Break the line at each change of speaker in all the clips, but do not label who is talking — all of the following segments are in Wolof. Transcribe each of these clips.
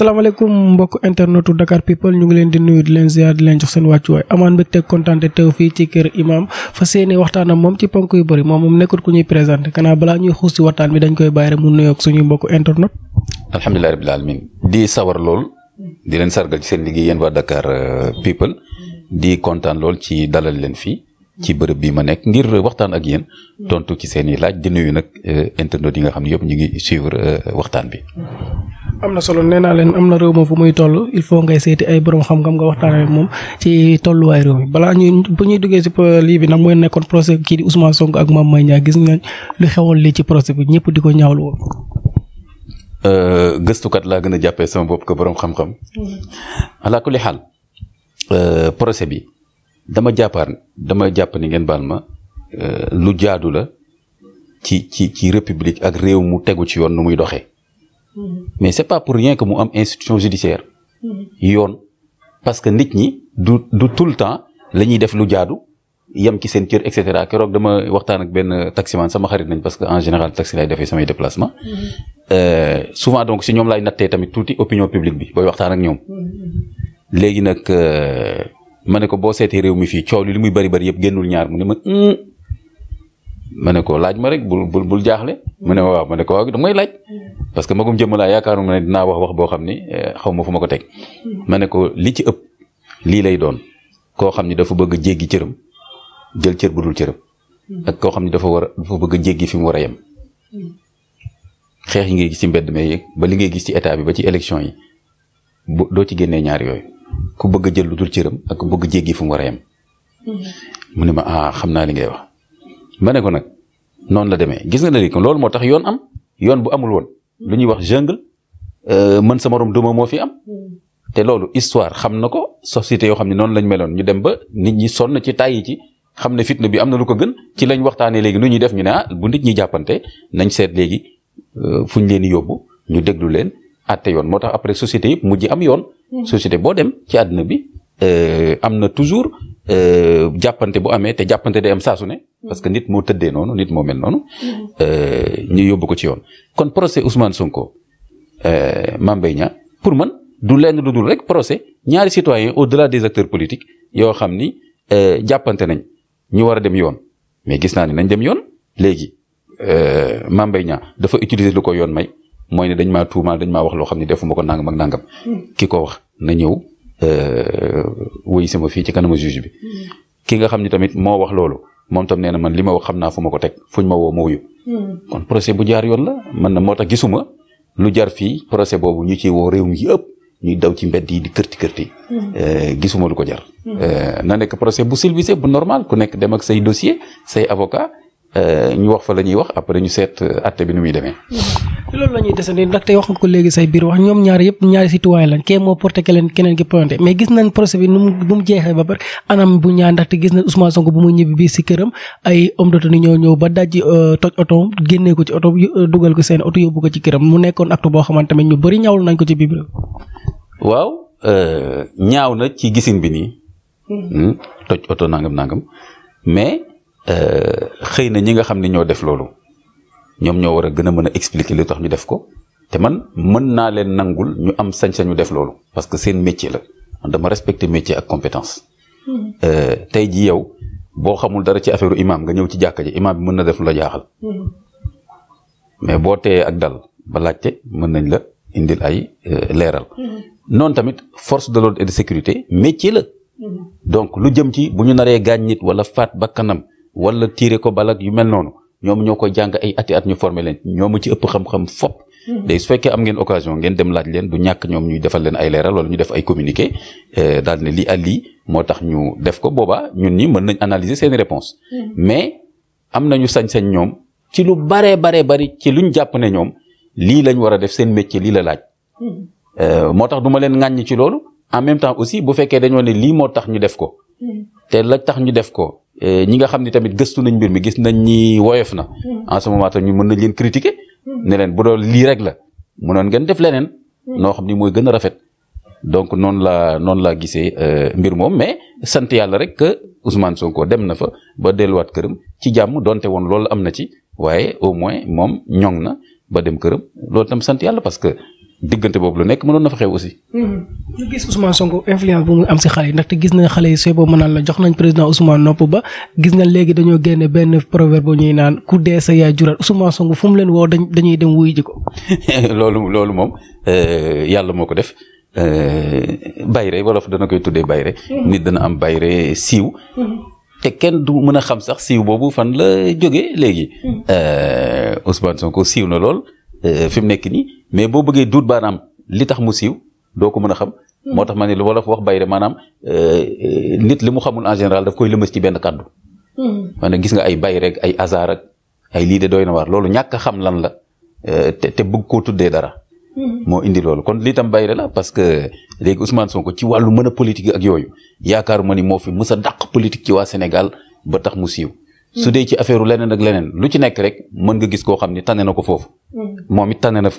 salaamaaleykum mbokk internetu Dakar People ñu ngi leen di nuyu di leen ziar di leen jox seen wàccuwaay amaan mbégte kontaan te teew fii ci kër imam fas yéene waxtaan ak moom ci ponk yu bari moom moom nekkul ko ñuy présenté kanaa balaa ñuy xuus ci waxtaan bi dañ koy bàyyi rek mu nuyoog suñuy mbokk internet.
alhamdulilah rabbil alamin di sawar lool di leen sargal ci seen liggéey yéen waa Dakar euh, People di kontaan lool ci dalal leen fii ci bërëb bi ma nekk ngir waxtaan ak yéen tontu ci seeni laaj di nuyu nag eh, internet yi nga xam ne yëpp ñu ngi suivre eh, waxtaan bi.
am na solo nee naa leen am na réew moom fu muy toll il faut ngay seeti ay borom xam-xam nga waxtaan moom ci tolluwaay réew mi balaa ñuy bu ñuy duggee si lii bi nag mooy nekkoon procès kii di Ousmane Sonko ak Mame Mbaye Niang gis nga lu xewoon lii ci procès bi ñëpp di ko ñaawlu woon.
Eh, gëstukat laa gën a jàppee sama bopp ko boroom xam-xam. Mm-hmm. alaa kulli xaal procès bi. dama jàppaar dama jàpp ni ngeen baal ma euh, lu jaadu la ci ci ci république ak réew mu tegu ci yoon nu muy doxee mm-hmm. mais c'est pas pour rien que mu am institution judiciaire mm-hmm. yoon parce que nit ñi du du tout le temps la ñuy def lu jaadu yem ki seen cër et cetera keroog dama waxtaan ak benn taximan sama xarit nañ parce que en général taxi lay defee samay déplacement mm-hmm. euh, souvent donc si ñoom laay nattee tamit tuuti opinion publique bi booy waxtaan ak ñoom léegi nag euh, ma ne ko boo seetee réew mi fii coow li muy bari bari yëpp génnul ñaar mu ne ma hmm. ma ne ko laaj ma rek bul bul bul jaaxle mu ne waaw ma ne ko waaw da laaj parce que magum jëmm laa yaakaaruma ne dinaa wax wax boo xam ne eh, xaw ma fu ma ko teg ma ne ko li ci ëpp lii lay doon koo xam ne dafa bëgg a jéggi cëram jël cër bu dul cëram ak koo xam ne dafa war a dafa bëgg a jéggi fi mu war a yem xeex yi ngay gis ci mbedd mi ba li ngay gis ci état bi ba ci élection yi doo ci génnee ñaar yooyu ku bëgg jël lu dul cëram ak ku bëgg a jéggi fu mu war a mu ne ma ah xam naa li ngay wax. ma ne ko nag noonu la demee gis nga ne ko loolu moo tax yoon am yoon bu amul woon lu ñuy wax jungle euh, mën sa morom duma moo fi am. te loolu histoire xam na ko société yoo xam ne noonu lañ meloon ñu dem ba nit ñi sonn ci tàyyi ci xam ne fitna bi am na lu ko gën ci lañ waxtaanee léegi lu ñuy def ñu ne ah bu nit ñi jàppante nañ seet léegi euh, fu ñu leen di yóbbu ñu déglu leen àtte yoon moo tax après société yëpp mujj am yoon. Hmm. société boo dem ci àdduna bi euh, am na toujours euh, jàppante boo amee te jàppante day am saa ne. Hmm. parce que nit moo tëddee noonu nit moo mel noonu. Hmm. Euh, ñu yóbbu ko ci yoon. kon procès Ousmane Sonko Mame Mbaye Niang pour man du lenn lu dul rek procès ñaari citoyens au-delà des acteurs politiques yoo xam ni jàppante nañ ñu war a dem yoon mais gis naa ne nañ dem yoon léegi Mame Mbaye dafa utiliser lu ko yoon may. mooy ne dañ maa tuumaal dañ ma wax loo xam ne ma ko nangam ak nangam ki ko wax na ñëw euh, wuy ma fii ci kanamu juge bi ki nga xam ne tamit moo wax loolu moom tam nee na man li ma xam naa fu ma ko teg fuñ ma woo ma wuyu kon procès bu jaar yoon la man na moo tax gisuma lu jar fii procès boobu ñu ci woo réew mi yëpp ñuy daw ci mbedd yi di kërti kërti euh, gisuma lu ko jar hmm. euh, na nekk procès bu silvisé bu normal ku nekk dem ak say dossier say avocat Euh, ñu wax fa la ñuy wax après ñu seet euh, atte bi nu muy demee.
loolu la ñuy desandi ndaxte wax nga ko léegi say biir wax ñoom ñaar yëpp ñaari citoyen lañ kee moo porté keneen keneen ki pointé mais gis nañ procès bi ba pare anam bu ñaar ndaxte gis nañ Ousmane Sonko bu muy ñibbi bii si këram ay homme de tenue ñoo ñëw ba dajji euh, toj oto génnee ko ci oto dugal ko seen oto yóbbu ko ci këram mu nekkoon acte boo xamante ne ñu bëri ñaawlu nañ ko ci biir.
waaw ñaaw na ci gisin bi nii. Hmm. Hmm, toj oto nangam nangam xëy na ñi nga xam ne ñoo def loolu ñoom ñoo war a gën a mën a expliquer li tax ñu def ko te man mën naa leen nangul ñu am sañ-sañu def loolu parce que seen métier la dama respecter métier ak compétence. Euh, tey ji yow boo xamul dara ci affaire imaam nga ñëw ci jàkka ji mën na def lu la jaaxal. mais boo teyee ak dal ba laajte mën nañ la indil ay euh, leeral. noonu tamit force de l'ordre et de sécurité la. Mm-hmm. donc lu jëm ci bu ñu naree gaañ nit wala faat bakkanam wala tiire ko balak yu mel noonu ñoom ñoo ko jàng ay ati at ñu former leen ñoom ci ëpp xam-xam fop day mhm. su fekkee am ngeen occasion ngeen dem laaj leen du ñàkk ñoom ñuy defal leen ay leeral wala ñu def ay communiqué eh, daal ne lii ak lii moo tax ñu def ko boobaa ñun ñi mën nañ analyser seen réponse mhm. mais am nañu sañ-sañ ñoom ci lu baree baree bari ci luñ jàpp ne ñoom lii lañ war a def seen métier lii la laaj mhm. eh, moo tax duma ma leen ŋàññ ci loolu en même temps aussi bu fekkee dañoo ne lii moo tax ñu def ko te la tax ñu def ko Eh, ñi nga xam ni tamit gëstu nañ mbir mi gis nañ ñi woyof na hmm. en ce moment tam ñu mën nañ leen critiquer hmm. ne leen bu doon lii rek la mënoon ngeen def leneen hmm. noo xam ni mooy gën a rafet donc noonu laa noonu laa gisee euh, mbir moom mais sant yàlla rek que Ousmane Sonko dem na fa ba delluwaat këram ci jàmm donte woon loolu am na ci waaye au moins moom ñoŋ na ba dem këram loolu tam sant yàlla parce que diggante boobu lu nekk mënoon na fa xew aussi.
Mhm. ñu gis Ousmane Sonko influence bu muy am si xale yi ndaxte gis nañ xale yi sooy boobu naan la jox nañ président Ousmane nopp ba gis nañ léegi dañoo génne benn proverbe bu ñuy naan ku dee sa yaay jural Ousmane Sonko fu leen woo dañuy dem wuy ji ko.
loolu loolu moom euh, yàlla moo ko def. Euh, bayre wolof dana koy tuddee bayre mhm. nit dana am bayre siiw mhm. te kenn du mën a xam sax siiw boobu fan la jógee léegi euh, Ousmane Sonko siiw na lool fi mu nekk nii mais boo bëggee duut baanaam li tax mu siiw doo ko mën a xam. Hmm. moo tax ma ne lu wolof wax bayre maanaam euh, nit li mu xamul en général daf koy lëmës ci benn kàddu. Hmm. maanaam gis nga ay bay rek ay hasard ay lii de doy na waar loolu ñàkk a xam lan la euh, te te bëgg koo tuddee dara. Hmm. moo indi loolu kon lii tam bayre la parce que léegi soo ko ci wàllu mën a politique ak yooyu yaakaar ma ni moo fi mës a dàq politique ci waa Sénégal ba tax mu siiw. su dee ci affaire leneen ak leneen lu ci nekk rek mën gis koo xam ni tane na ko foofu. moom it tane na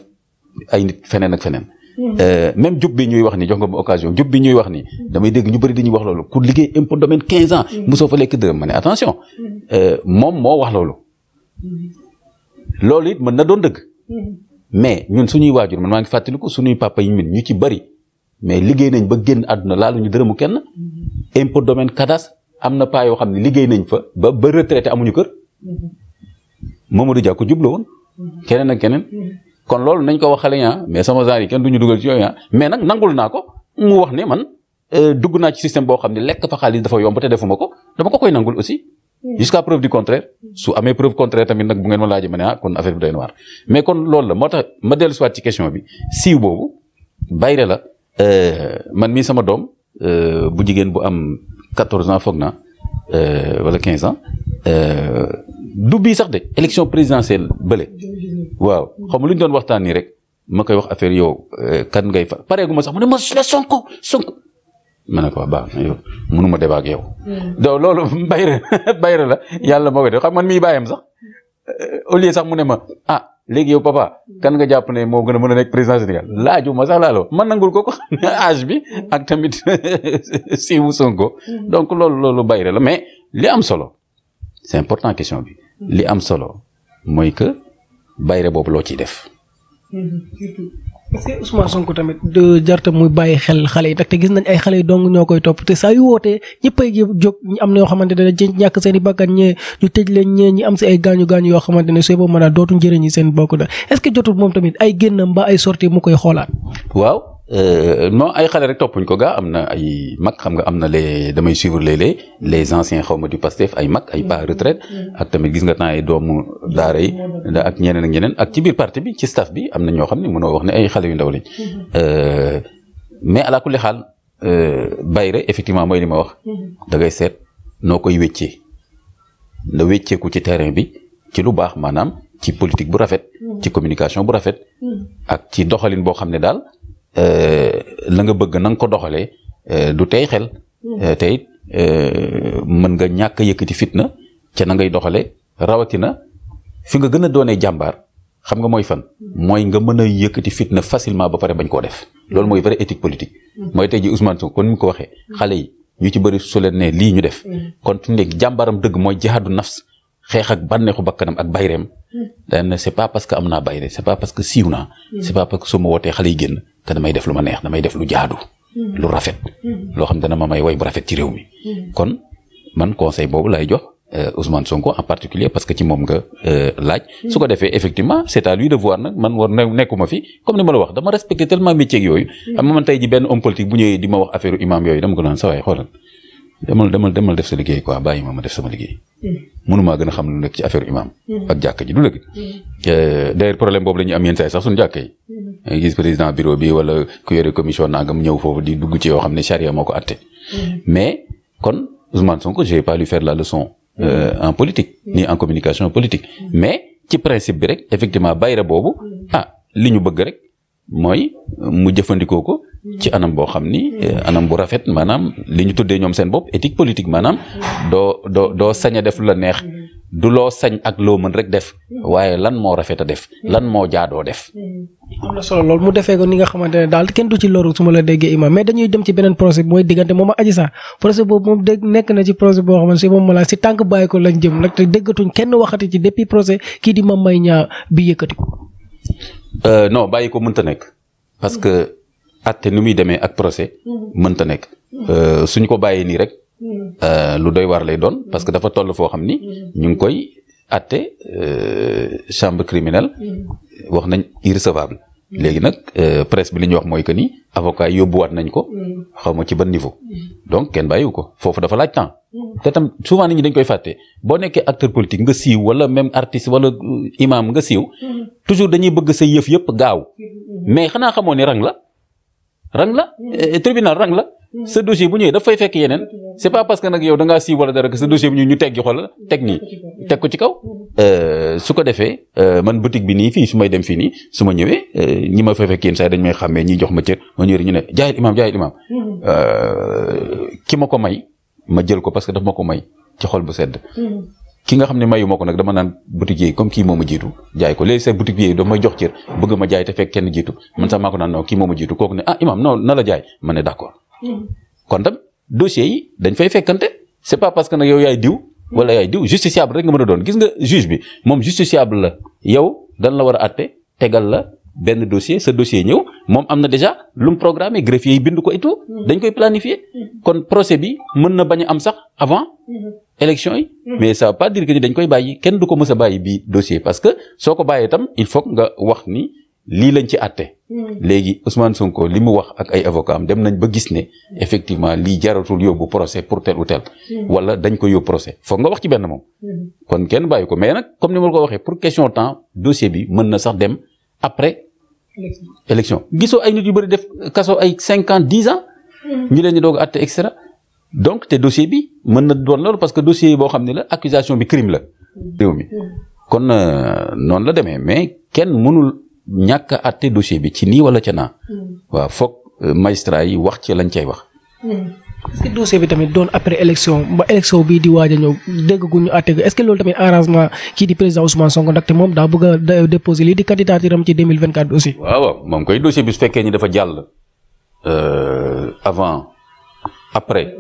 ay nit feneen ak feneen. Hmm. Euh, même jub bi ñuy wax ni jox nga ma occasion jub bi ñuy wax ni hmm. damay dégg ñu bëri dañuy wax loolu ku liggéey impôt domaine 15 ans. Hmm. mosoo fa lekk dërëm ma ne attention. Euh, moom moo wax loolu. loolu it mën na doon dëgg. mais ñun suñuy waajur man maa ngi fàttaliku suñuy papa yi ñun ñu ci bëri mais liggéey nañ ba génn àdduna laalu ñu dërëmu kenn. impôt domaine cadastre am na paa yoo xam ne liggéey nañ fa ba ba retraité amuñu kër. Mamadou Dia ko jublu woon. keneen ak keneen. kon loolu nañ ko wax ah mais sama genre yi kenn du ñu dugal ci yooyu ah. mais nag nangul naa ko mu wax ne man euh, dugg naa ci système boo xam ne lekk fa xaalis dafa yomb te defuma ko dama ko koy nangul aussi. Hmm. jusqu'à preuve du contraire amee preuve tamit nag bu ngeen ma laajee ma ne ah kon affaire bi doy na waar loolu la moo tax ma dellu siwaat ci question bi siiw boobu bayre la euh, man mii sama doom euh, bu jigéen bu am 14 ans foog na wala 15 ans du sax de élection présidentielle bële. waaw xam lu ñu doon waxtaan nii rek ma koy wax affaire yow euh, kan ngay fa pareegu sax mu ne ma la Sonko Sonko. ma ne ko baax na yow mënuma débat ak yow. Hmm. donc loolu bayra bayra la yàlla moo koy def xam man mii bàyyam sax euh, au lieu sax mu ne ma ah. léegi yow papa kan nga jàpp ne moo gën mun mën a nekk président Sénégal laaju ma sax laaloo man nangul ko ko âge bi ak tamit siiwu Sonko hmm. donc loolu loolu bayre la mais li am solo c'est important question bi. li am solo mooy que bayre boobu loo ciy def.
est-ce que Ousmane tamit de jarta muy bàyyi xel xale yi ndaxte gis nañ ay xale yi dong ñoo koy topp te saa yu wootee ñëppay jóg am na yoo xamante ne dañ ñàkk seen i bakkan ñee ñu tëj leen ñee ñi am si ay gaañu gaañu yoo xamante ne sooy boobu mën a dootu njëriñ seen bokk da est-ce que jotul moom tamit ay génnam ba ay sorti mu koy xoolaat.
waaw Euh, non ay xale rek toppuñ ko gaa am na ay mag xam nga am na les damay suivre léeg-léeg les anciens xaw ma du Pastef ay mag ay pas retraite ak tamit gis nga temps yi doomu daara yi ak ñeneen ak ak ci biir parti bi ci staff bi am na ñoo xam ne mënoo wax ne ay xale yu ndaw lañ euh, mais alaa kulli xaal euh, bayre effectivement mooy li ma wax da seet noo koy wéccee na wécceeku ci terrain bi ci lu baax maanaam ci politique bu rafet ci communication bu rafet ak ci doxalin boo xam ne daal Euh, la nga bëgg na nga ko doxalee euh, du tey xel hmm. euh, tey it mën nga ñàkk a yëkkati fitna ca na ngay doxale rawatina fi nga gën a doonee jàmbaar xam nga mooy fan hmm. mooy nga mën a yëkkati fitna facilement ba pare bañ koo def loolu mooy vraie éthique politique hmm. mooy tey ji Ousmane Sonko kon ko waxee xale ñu ci bëri su leen ne lii ñu def kon fi mu jàmbaaram dëgg mooy jihaadu nafs xeex ak bànneexu bakkanam ak bayreem daan na c'est pas parce que am naa bayre c'est pas parce que siiw naa c'est pas parce que su ma wootee xale yi génn te damay def lu ma neex damay def lu jaadu. Hmm. lu rafet. Hmm. loo xam dana ma may way bu rafet ci réew mi. Hmm. kon man conseil boobu lay jox euh, Ousmane Sonko en particulier parce que ci moom nga euh, laaj. su ko defee effectivement c'est à lui de nag man war nekkuma fi comme ni ma la wax dama respecté tellement métier yooyu. am man tey ji benn politique bu ñëwee di ma wax affaire imam yooyu dama ko naan sa xoolal. demal demal demal def sa liggéey quoi bàyyi ma ma def sama liggéey. Mm-hmm. mënumaa gën a xam lu nekk ci affaire imam mm-hmm. ak jàkk ji du dëgg. Mm-hmm. Euh, d'ailleurs problème boobu la ñuy am yenn saa sax suñu jàkk yi. ngay gis président bureau bi wala ku yore commission nangam ñëw foofu di dugg ci yoo xam ne charia moo ko àtte. mais kon Ousmane Sonko je vais pas lui faire la leçon. Euh, en politique nii en communication politique. mais ci principe bi rek effectivement bayra boobu. ah li ñu bëgg rek mooy mu jëfandikoo ko. ci anam boo xam ni mm. anam bu rafet maanaam li ñu tuddee ñoom seen bopp éthique politique maanaam mm. doo doo doo a def lu la neex mm. du loo sañ ak loo mën rek def waaye lan moo rafet a def lan moo jaadoo def.
am na solo mu defee ko ni nga xamante ne daal kenn du ci loru su ma la déggee imam mais dañuy dem ci beneen projet mooy diggante moom ak Adji Sarr projet boobu moom dégg nekk na ci projet boo xamante si moom ma laa si tànk bàyyi ko lañ jëm nag te déggatuñ kenn waxati ci depuis projet kii di Mame Mbaye Niang bi ko.
Euh, non bàyyi nekk atte ni muy demee ak procès mm-hmm. mënta nekk euh, suñ ko bàyyee nii rek mm-hmm. euh, lu doy war lay doon mm-hmm. parce que dafa toll foo xam ni ñu ngi koy atte euh, chambre criminelle wax nañ irrecevable léegi nag presse bi li ñuy wax mooy que nii avocat yóbbuwaat nañ ko xaw ma ci ban niveau donc kenn bàyyiwu ko foofu dafa laaj temps te tam souvent nit ñu dañ koy fàtte boo nekkee acteur politique nga siiw wala même artiste wala imam nga siiw toujours dañuy bëgg say yëf yëpp gaaw mais xanaa xamoo ni rang la rang la mm. eh, tribunal rang la mm. sa dossier bu ñëwee dafay fekk yeneen c'est pas parce que nag yow da ngaa siiw wala dara que sa dossier bu ñëwee ñu teggi xool teg nii teg ko ci kaw. Mm. Euh, su ko defee euh, man boutique bi nii fii su may dem fii nii su ma ñëwee euh, ñi ma fay fekk yenn saa dañ may xàmmee ñi jox ma cër ma ñëwee ñu ne jaayit imaam jaayit imaam ki ma ko may ma jël ko parce que daf ma ko may ci xol bu sedd. ki nga xam ne mayu ma ko nag dama naan boutique yi comme kii moo ma jiitu jaay ko léegi sa boutique yi daf may jox cër bëgg ma jaay te fekk kenn jiitu man sax maa ko naan non kii moo a jiitu kooku ne ah imam non na la jaay ma ne d'accord kon tam dossiers yi dañ fay fekkante c'est pas parce que nag yow yaay diw wala yaay diw justiciable rek nga mën a doon gis nga juge bi moom justiciable la yow dana la war a atte tegal la benn dossier sa dossier ñëw moom am na déjà lu mu programmé greffier yi bind ko et tout mhm. dañ koy planifier mhm. kon procès bi mën na bañ am sax avant mhm. élection yi mais ça veut pas dire que ni dañ koy bàyyi kenn du ko mës a bàyyi bii dossier parce que soo ko bàyyee il faut nga wax ni lii lañ ci àtte léegi Ousmane Sonko li mu wax ak ay avocat am dem nañ ba gis ne effectivement lii jaratul yóbbu procès pour tel ou tel wala dañ ko yóbbu procès foog nga wax ci benn moom kon kenn bàyyi ko mais nag comme ni ma ko waxee pour question temps dossier bi mën na sax dem après. élection gisoo ay nit yu bëri def kaso ay cinq ans dix ans. ñu leen di doog àtte extera donc te dossier bi mën na doon loolu parce que dossier boo xam ne la accusation bi crime la. réew mi hmm. kon euh, noonu la demee mais kenn mënul ñàkk a àtte dossier bi ci nii wala ca naa. Hmm. waaw foog euh, magistrat yi wax ci lañ cay wax.
Hmm.
est-ce que dossier bi tamit doon après élection ba élection bii di waaj a dégg gu ñu àtte est-ce loolu tamit arrangement kii di président Ousmane Sonko ndaxte moom daa bëgg a déposer lii di candidature am ci
waaw moom koy dossier bi su fekkee ni dafa jàll euh, avant après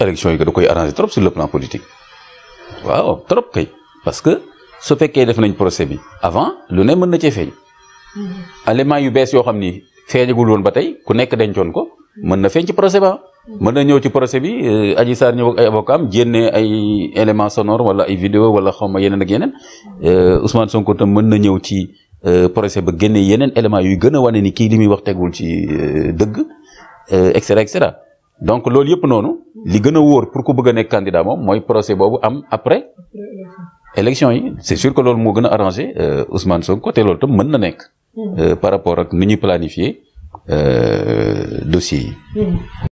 élection yi ga da koy arrangé trop sur le plan politique waaw trop kay parce que su fekkee def nañ procès bi avant lu ne mën na cee feeñ.
Mm-hmm.
éléments yu bees yoo xam ni feeñagul woon ba tey ku nekk dencoon ko mën na feeñ ci procès mën na ñëw ci procès bi euh, Adji Sarr ñëw ak ay avocat am génne ay éléments sonores wala ay vidéo wala xaw ma yeneen ak yeneen euh, Ousmane Sonko tam mën na ñëw ci euh, procès ba génne yeneen éléments yuy gën a wane ni kii li muy wax tegul ci dëgg et cetera et cetera donc loolu yëpp noonu li gën a wóor pour ku bëgg a nekk candidat moom mooy procès boobu am après élection yi c'est sûr que loolu moo gën a arrangé Ousmane Sonko te loolu tam mën na nekk par rapport ak ni ñuy planifier
dossier yi